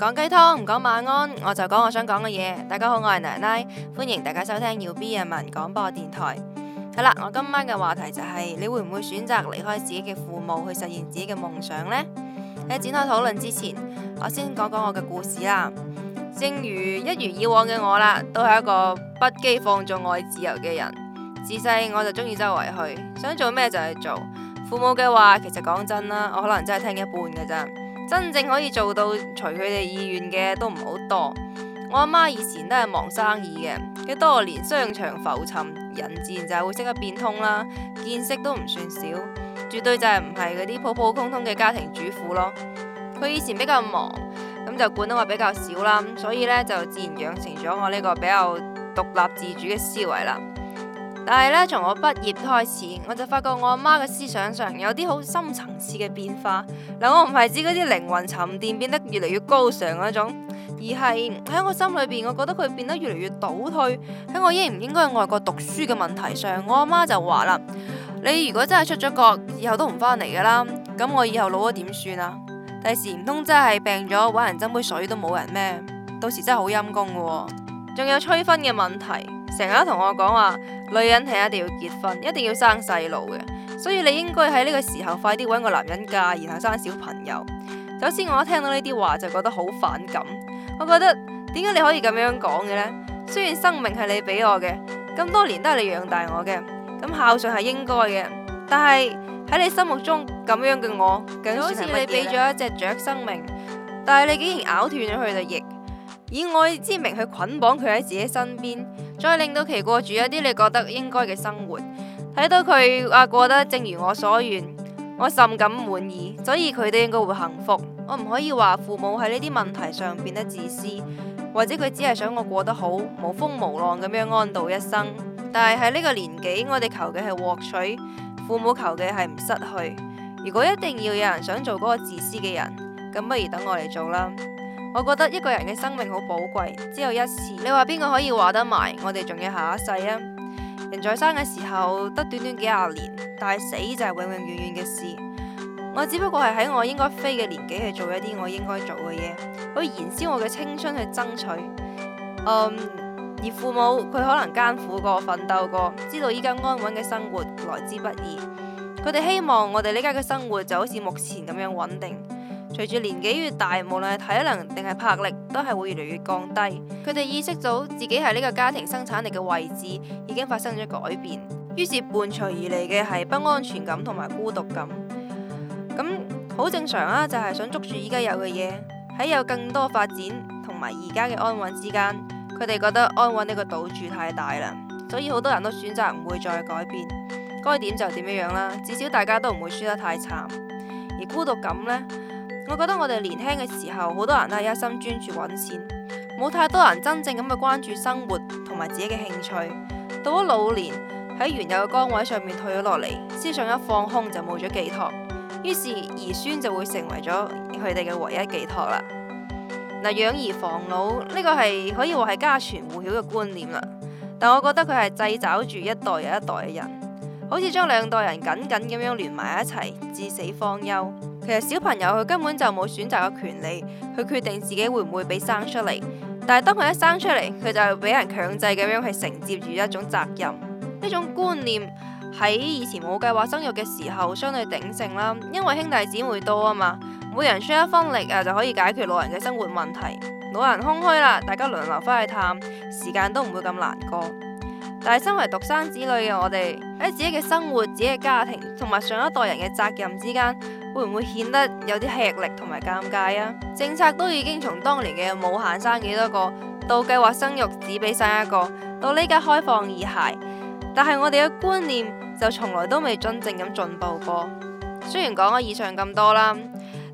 講雞湯唔講晚安，我就講我想講嘅嘢。大家好，我係奶奶，歡迎大家收聽要 B 人民廣播電台。好啦，我今晚嘅話題就係，你會唔會選擇離開自己嘅父母去實現自己嘅夢想呢？喺展開討論之前，我先講講我嘅故事啦。正如一如以往嘅我啦，都係一個不羈放縱愛自由嘅人。自細我就中意周圍去，想做咩就去做。父母嘅話，其實講真啦，我可能真係聽一半嘅咋。真正可以做到隨佢哋意願嘅都唔好多。我阿媽以前都係忙生意嘅，佢多年商場浮沉，人自然就係會識得變通啦，見識都唔算少，絕對就係唔係嗰啲普普通通嘅家庭主婦咯。佢以前比較忙，咁就管得我比較少啦，所以呢就自然養成咗我呢個比較獨立自主嘅思維啦。但係咧，從我畢業開始，我就發覺我阿媽嘅思想上有啲好深層次嘅變化。嗱，我唔係指嗰啲靈魂沉澱變得越嚟越高尚嗰種，而係喺我心裏邊，我覺得佢變得越嚟越倒退。喺我應唔應該去外國讀書嘅問題上，我阿媽就話啦：你如果真係出咗國，以後都唔翻嚟噶啦，咁我以後老咗點算啊？第時唔通真係病咗揾人斟杯水都冇人咩？到時真係好陰公喎。仲有催婚嘅問題。成日同我講話，女人係一定要結婚，一定要生細路嘅，所以你應該喺呢個時候快啲搵個男人嫁，然後生小朋友。首先，我一聽到呢啲話就覺得好反感。我覺得點解你可以咁樣講嘅呢？雖然生命係你俾我嘅，咁多年都係你養大我嘅，咁孝順係應該嘅，但係喺你心目中咁樣嘅我，好似你俾咗一隻雀生命，但係你竟然咬斷咗佢嘅翼，以愛之名去捆綁佢喺自己身邊。再令到佢過住一啲你覺得應該嘅生活，睇到佢話過得正如我所願，我甚感滿意。所以佢哋應該會幸福。我唔可以話父母喺呢啲問題上變得自私，或者佢只係想我過得好，無風無浪咁樣安度一生。但係喺呢個年紀，我哋求嘅係獲取，父母求嘅係唔失去。如果一定要有人想做嗰個自私嘅人，咁不如等我嚟做啦。我覺得一個人嘅生命好寶貴，只有一次。你話邊個可以話得埋？我哋仲要下一世啊！人在生嘅時候得短短幾十年，但係死就係永永遠遠嘅事。我只不過係喺我應該飛嘅年紀去做一啲我應該做嘅嘢，可以燃燒我嘅青春去爭取。嗯，而父母佢可能艱苦過、奮鬥過，知道依家安穩嘅生活來之不易。佢哋希望我哋呢家嘅生活就好似目前咁樣穩定。隨住年紀越大，無論係體能定係魄力，都係會越嚟越降低。佢哋意識到自己係呢個家庭生產力嘅位置已經發生咗改變，於是伴隨而嚟嘅係不安全感同埋孤獨感。咁好正常啦、啊，就係、是、想捉住依家有嘅嘢，喺有更多發展同埋而家嘅安穩之間，佢哋覺得安穩呢個賭注太大啦，所以好多人都選擇唔會再改變，該點就點樣樣啦。至少大家都唔會輸得太慘，而孤獨感呢，我覺得我哋年輕嘅時候，好多人都係一心專注揾錢，冇太多人真正咁去關注生活同埋自己嘅興趣。到咗老年，喺原有嘅崗位上面退咗落嚟，思想一放空就冇咗寄託，於是兒孫就會成為咗佢哋嘅唯一寄託啦。嗱，養兒防老呢個係可以話係家傳戶曉嘅觀念啦，但我覺得佢係制找住一代又一代嘅人，好似將兩代人緊緊咁樣連埋一齊，至死方休。其實小朋友佢根本就冇選擇嘅權利，佢決定自己會唔會俾生出嚟。但係當佢一生出嚟，佢就俾人強制咁樣去承接住一種責任。呢種觀念喺以前冇計劃生育嘅時候相對鼎盛啦，因為兄弟姊妹多啊嘛，每人出一分力啊就可以解決老人嘅生活問題。老人空虛啦，大家輪流翻去探，時間都唔會咁難過。但係身為獨生子女嘅我哋喺自己嘅生活、自己嘅家庭同埋上一代人嘅責任之間。會唔會顯得有啲吃力同埋尷尬啊？政策都已經從當年嘅冇限生幾多個，到計劃生育只俾生一個，到呢家開放二孩，但係我哋嘅觀念就從來都未真正咁進步過。雖然講咗以上咁多啦，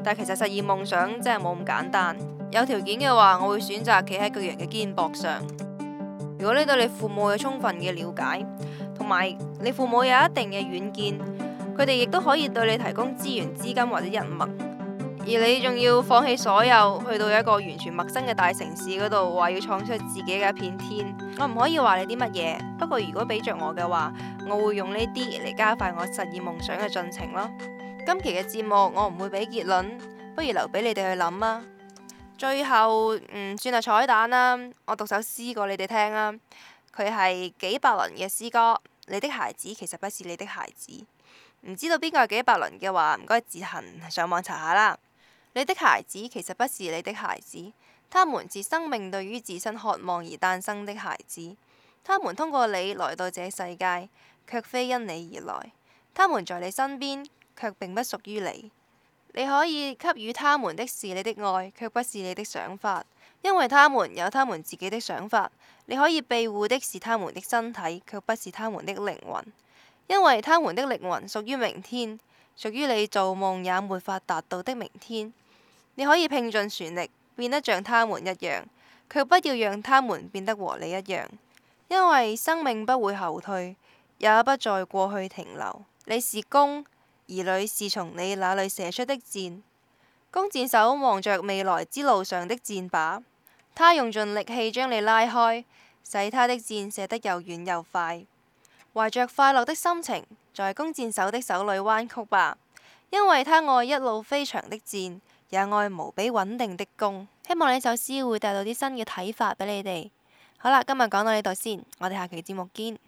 但其實實現夢想真係冇咁簡單。有條件嘅話，我會選擇企喺巨人嘅肩膊上。如果你對你父母有充分嘅了解，同埋你父母有一定嘅遠見。佢哋亦都可以對你提供資源、資金或者人脈，而你仲要放棄所有，去到一個完全陌生嘅大城市嗰度，話要創出自己嘅一片天。我唔可以話你啲乜嘢，不過如果俾着我嘅話，我會用呢啲嚟加快我實現夢想嘅進程咯。今期嘅節目我唔會俾結論，不如留俾你哋去諗啊。最後，嗯，算係彩蛋啦，我讀首詩過你哋聽啊。佢係紀伯倫嘅詩歌，你的孩子其實不是你的孩子。唔知道邊個係紀伯倫嘅話，唔該自行上網查下啦。你的孩子其實不是你的孩子，他們是生命對於自身渴望而誕生的孩子。他們通過你來到這世界，卻非因你而來。他們在你身邊，卻並不屬於你。你可以給予他們的是你的愛，卻不是你的想法，因為他們有他們自己的想法。你可以庇護的是他們的身體，卻不是他們的靈魂。因為他們的靈魂屬於明天，屬於你做夢也沒法達到的明天。你可以拼盡全力，變得像他們一樣，卻不要讓他們變得和你一樣。因為生命不會後退，也不在過去停留。你是弓，兒女是從你那裏射出的箭。弓箭手望着未來之路上的箭靶，他用盡力氣將你拉開，使他的箭射得又遠又快。懷着快樂的心情，在弓箭手的手裏彎曲吧，因為他愛一路飛翔的箭，也愛無比穩定的弓。希望呢首詩會帶到啲新嘅睇法俾你哋。好啦，今日講到呢度先，我哋下期節目見。